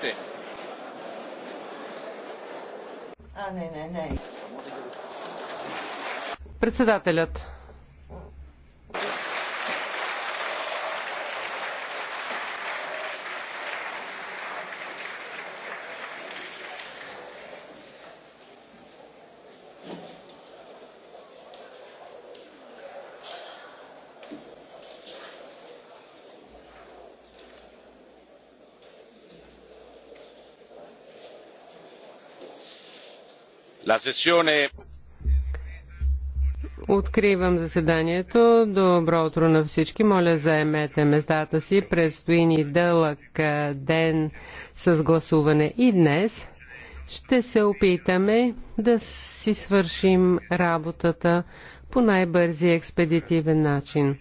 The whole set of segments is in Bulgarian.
Siete. А, не, не, не. Председателят. Откривам заседанието. Добро утро на всички. Моля, заемете местата си. Предстои ни дълъг ден с гласуване и днес. Ще се опитаме да си свършим работата по най-бързи експедитивен начин.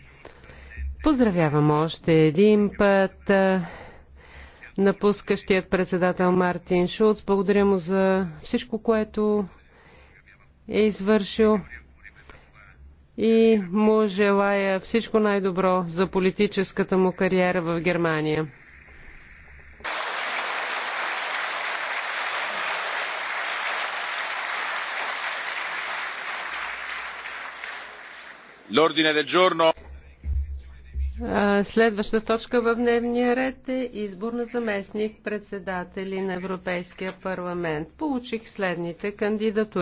Поздравявам още един път напускащият председател Мартин Шулц. Благодаря му за всичко, което е извършил и му желая всичко най-добро за политическата му кариера в Германия. L'ordine del giorno Следваща точка в дневния ред е избор на заместник председатели на Европейския парламент. Получих следните кандидатури.